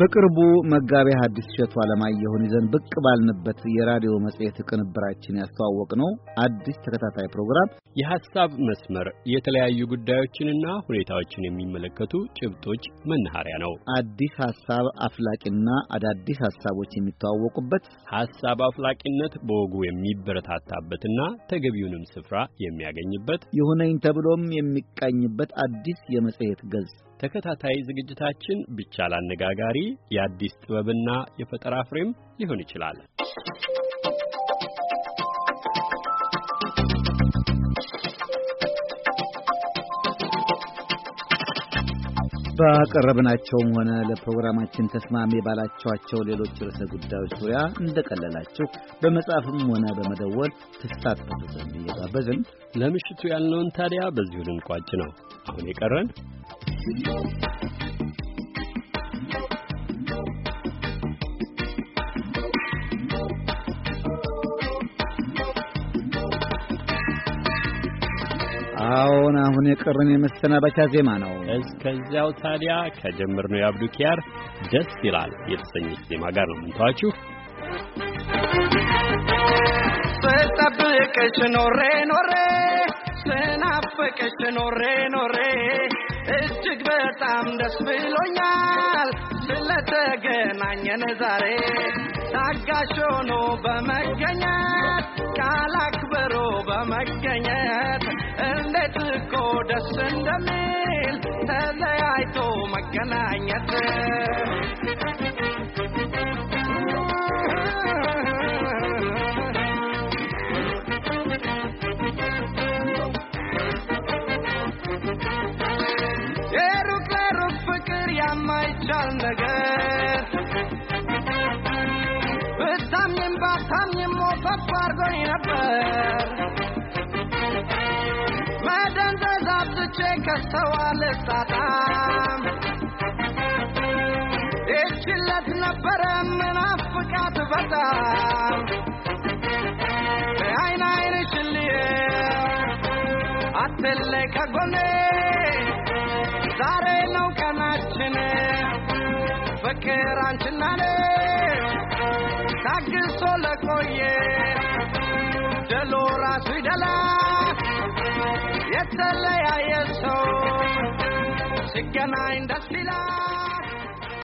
በቅርቡ መጋቤ ሐዲስ እሸቱ ዓለማየሁን ይዘን ብቅ ባልንበት የራዲዮ መጽሔት ቅንብራችን ነው። አዲስ ተከታታይ ፕሮግራም የሐሳብ መስመር የተለያዩ ጉዳዮችንና ሁኔታዎችን የሚመለከቱ ጭብጦች መናኸሪያ ነው። አዲስ ሐሳብ አፍላቂና አዳዲስ ሐሳቦች የሚተዋወቁበት ሐሳብ አፍላቂነት በወጉ የሚበረታታበትና ተገቢውንም ስፍራ የሚያገኝበት የሆነኝ ተብሎም የሚቃኝበት አዲስ የመጽሔት ገጽ ተከታታይ ዝግጅታችን ብቻ አነጋጋሪ የአዲስ ጥበብና የፈጠራ ፍሬም ሊሆን ይችላል። ባቀረብናቸውም ሆነ ለፕሮግራማችን ተስማሚ ባላችኋቸው ሌሎች ርዕሰ ጉዳዮች ዙሪያ እንደቀለላችሁ በመጻፍም ሆነ በመደወል ተሳትፉ ዘንድ እየጋበዝን ለምሽቱ ያልነውን ታዲያ በዚሁ ልንቋጭ ነው። አሁን የቀረን አሁን አሁን የቀረን የመሰናበቻ ዜማ ነው። እስከዚያው ታዲያ ከጀመርነው የአብዱ ኪያር ደስ ይላል የተሰኘች ዜማ ጋር ነው የምንተዋችሁ። ስጠብቅሽ ኖሬ ኖሬ ስናፍቅሽ ኖሬ ኖሬ በጣም ደስ ብሎኛል ስለተገናኘን ዛሬ ታጋሽ ሆኖ በመገኘት ቃል አክብሮ በመገኘት እንዴት እኮ ደስ እንደሚል ተለያይቶ መገናኘት የማይቻል ነገር ብታምኝም ባታምኝም ሞፈፍ አድርጎኝ ነበር መደንዘዝ አብዝቼ ከሰው አልጣጣም ይችለት ነበረ ምናፍቃት በጣም አይን አይንሽልዬ አትለይ ከጎኔ ስንመካከር አንችና ታግሶ ለቆየ ደሎ ራሱ ይደላ የተለያየ ሰው ሲገናኝ ደስ ይላል።